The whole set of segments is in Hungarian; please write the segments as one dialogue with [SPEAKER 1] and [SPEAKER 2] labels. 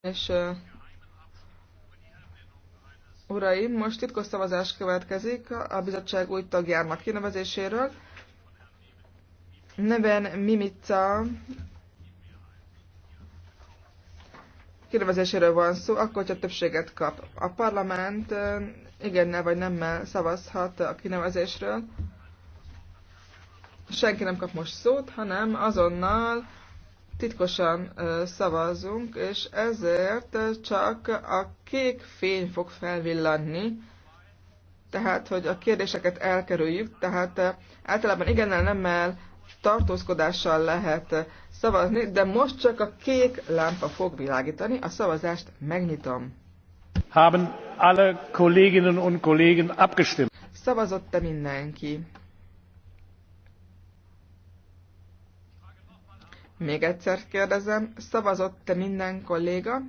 [SPEAKER 1] És uh, uraim, most titkos szavazás következik a bizottság új tagjának kinevezéséről. Neven Mimica kinevezéséről van szó, akkor, hogyha többséget kap. A parlament uh, igennel vagy nemmel szavazhat a kinevezésről. Senki nem kap most szót, hanem azonnal titkosan szavazzunk, és ezért csak a kék fény fog felvillanni, tehát, hogy a kérdéseket elkerüljük, tehát általában igennel, nemmel, tartózkodással lehet szavazni, de most csak a kék lámpa fog világítani, a szavazást megnyitom. Haben alle Kolleginnen und Kollegen abgestimmt? Szavazott-e mindenki? Még egyszer kérdezem, szavazott-e minden kolléga?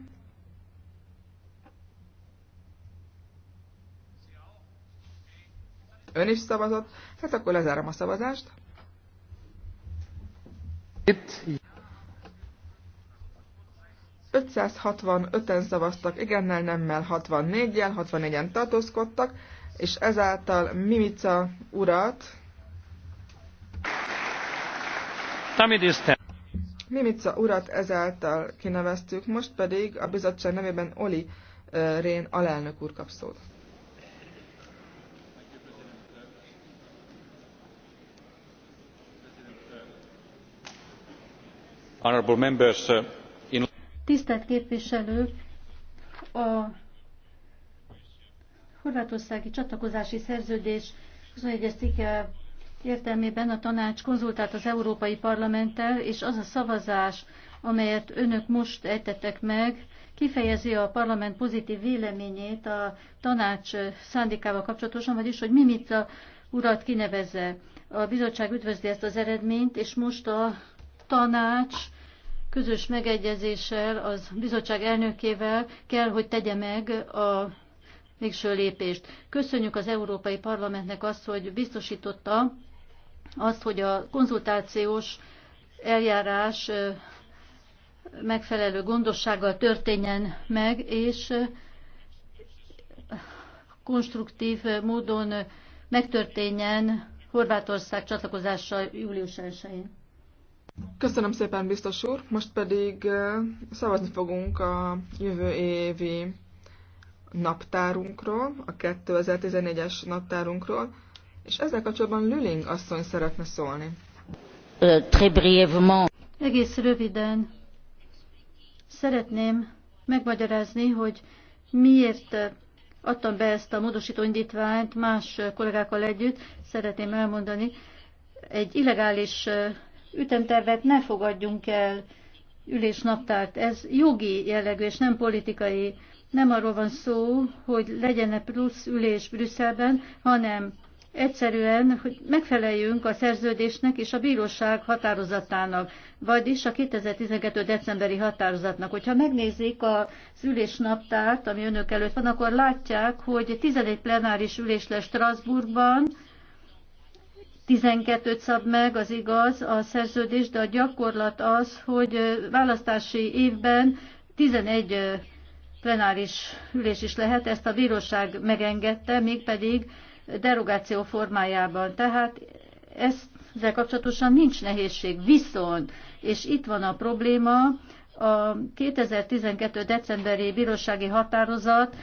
[SPEAKER 1] Ön is szavazott, hát akkor lezárom a szavazást. Itt. 565-en szavaztak igennel, nemmel, 64-jel, 64-en tartózkodtak, és ezáltal Mimica urat... Tamidisten. Mimica urat ezáltal kineveztük, most pedig a bizottság nevében Oli Rén alelnök úr kap szót.
[SPEAKER 2] Uh, Tisztelt képviselő! A horvátországi csatlakozási szerződés 21. cikke értelmében a tanács konzultált az Európai Parlamenttel, és az a szavazás, amelyet önök most ejtettek meg, kifejezi a parlament pozitív véleményét a tanács szándékával kapcsolatosan, vagyis, hogy Mimica urat kinevezze. A bizottság üdvözli ezt az eredményt, és most a tanács közös megegyezéssel, az bizottság elnökével kell, hogy tegye meg a végső lépést. Köszönjük az Európai Parlamentnek azt, hogy biztosította, azt, hogy a konzultációs eljárás megfelelő gondossággal történjen meg, és konstruktív módon megtörténjen Horvátország csatlakozása július 1-én.
[SPEAKER 1] Köszönöm szépen, biztos úr. Most pedig szavazni fogunk a jövő évi naptárunkról, a 2014-es naptárunkról. És ezzel kapcsolatban Lüling asszony szeretne szólni.
[SPEAKER 2] Egész röviden szeretném megmagyarázni, hogy miért adtam be ezt a módosító indítványt más kollégákkal együtt, szeretném elmondani, egy illegális ütemtervet ne fogadjunk el ülésnaptárt. Ez jogi jellegű és nem politikai. Nem arról van szó, hogy legyen -e plusz ülés Brüsszelben, hanem egyszerűen, hogy megfeleljünk a szerződésnek és a bíróság határozatának, vagyis a 2012. decemberi határozatnak. Hogyha megnézik a ülésnaptárt, ami önök előtt van, akkor látják, hogy 11 plenáris ülés lesz Strasbourgban, 12-t szab meg, az igaz, a szerződés, de a gyakorlat az, hogy választási évben 11 plenáris ülés is lehet, ezt a bíróság megengedte, mégpedig derogáció formájában. Tehát ezt, ezzel kapcsolatosan nincs nehézség. Viszont, és itt van a probléma, a 2012. decemberi bírósági határozat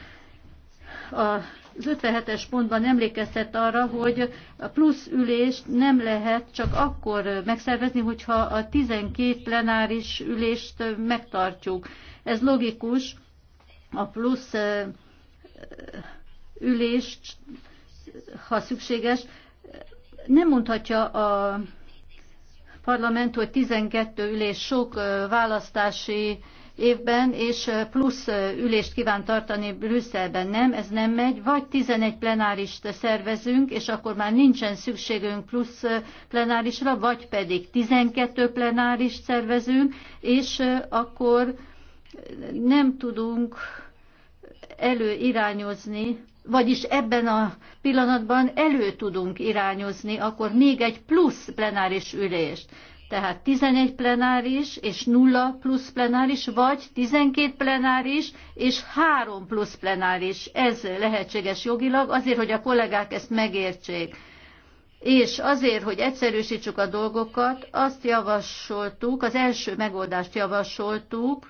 [SPEAKER 2] az 57-es pontban emlékeztet arra, hogy a plusz ülést nem lehet csak akkor megszervezni, hogyha a 12 plenáris ülést megtartjuk. Ez logikus, a plusz ülést ha szükséges, nem mondhatja a parlament, hogy 12 ülés sok választási évben, és plusz ülést kíván tartani Brüsszelben. Nem, ez nem megy. Vagy 11 plenárist szervezünk, és akkor már nincsen szükségünk plusz plenárisra, vagy pedig 12 plenárist szervezünk, és akkor nem tudunk előirányozni vagyis ebben a pillanatban elő tudunk irányozni, akkor még egy plusz plenáris ülést. Tehát 11 plenáris és 0 plusz plenáris, vagy 12 plenáris és 3 plusz plenáris. Ez lehetséges jogilag, azért, hogy a kollégák ezt megértsék. És azért, hogy egyszerűsítsük a dolgokat, azt javasoltuk, az első megoldást javasoltuk,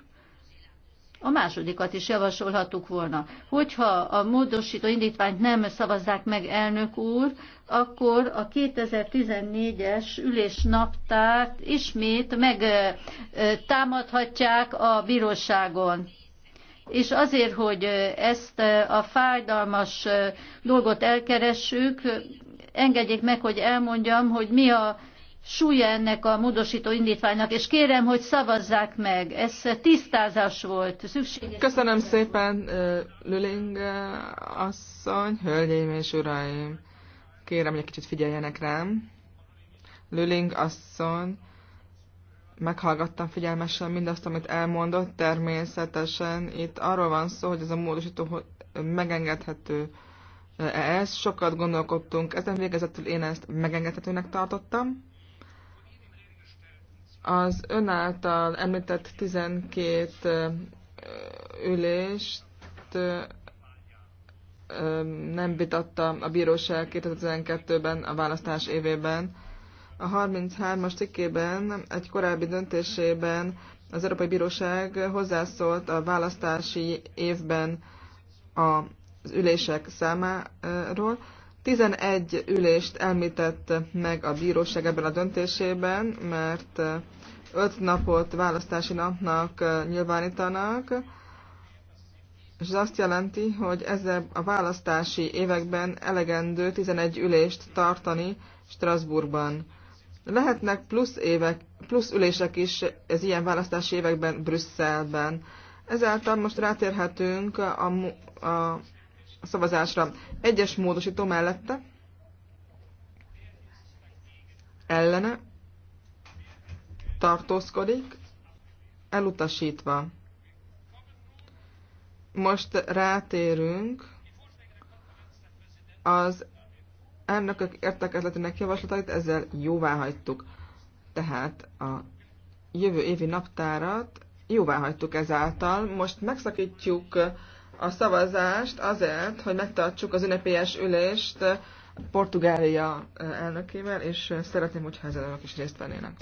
[SPEAKER 2] a másodikat is javasolhattuk volna. Hogyha a módosító indítványt nem szavazzák meg, elnök úr, akkor a 2014-es ülésnaptárt ismét megtámadhatják a bíróságon. És azért, hogy ezt a fájdalmas dolgot elkeressük, engedjék meg, hogy elmondjam, hogy mi a súlya ennek a módosító indítványnak, és kérem, hogy szavazzák meg. Ez tisztázás volt. Szükséges.
[SPEAKER 1] Köszönöm szépen, eh, Lüling eh, asszony, hölgyeim és uraim. Kérem, hogy egy kicsit figyeljenek rám. Lüling asszony, meghallgattam figyelmesen mindazt, amit elmondott. Természetesen itt arról van szó, hogy ez a módosító megengedhető eh, ez. Sokat gondolkodtunk ezen végezetül, én ezt megengedhetőnek tartottam az ön által említett 12 ülést nem vitatta a bíróság 2012-ben a választás évében. A 33-as cikkében egy korábbi döntésében az Európai Bíróság hozzászólt a választási évben az ülések számáról, 11 ülést említett meg a bíróság ebben a döntésében, mert 5 napot választási napnak nyilvánítanak, és ez azt jelenti, hogy ezzel a választási években elegendő 11 ülést tartani Strasbourgban. Lehetnek plusz, évek, plusz ülések is ez ilyen választási években Brüsszelben. Ezáltal most rátérhetünk a, a szavazásra. Egyes módosító mellette ellene tartózkodik, elutasítva. Most rátérünk az elnökök értekezletének javaslatait, ezzel jóvá hagytuk. Tehát a jövő évi naptárat jóvá hagytuk ezáltal. Most megszakítjuk a szavazást azért, hogy megtartsuk az ünnepélyes ülést Portugália eh, elnökével, és eh, szeretném, hogyha ezen önök is részt vennének.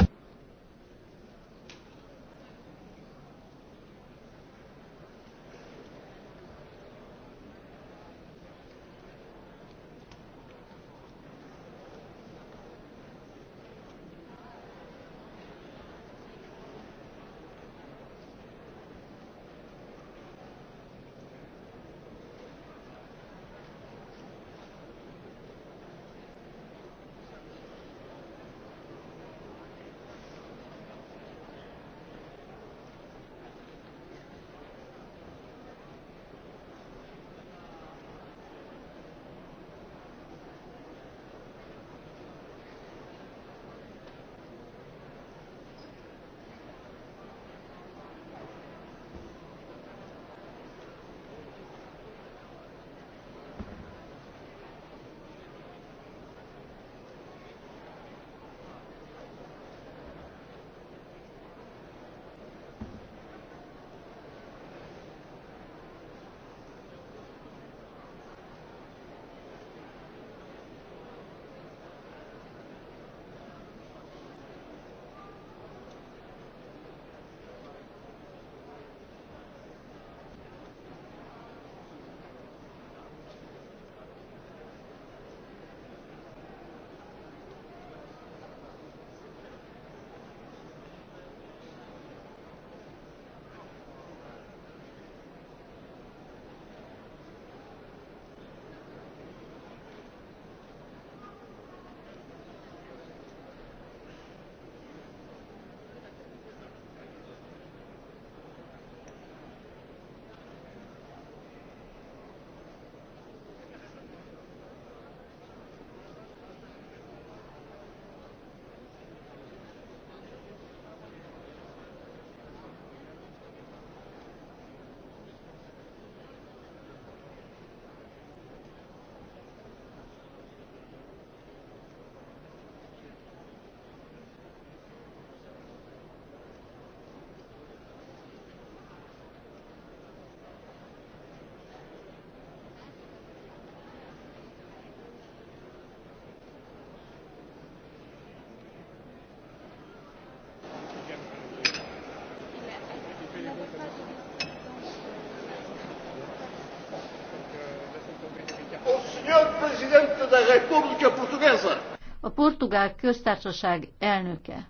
[SPEAKER 1] Presidente da República Portuguesa.
[SPEAKER 2] A portugál köztársaság elnöke.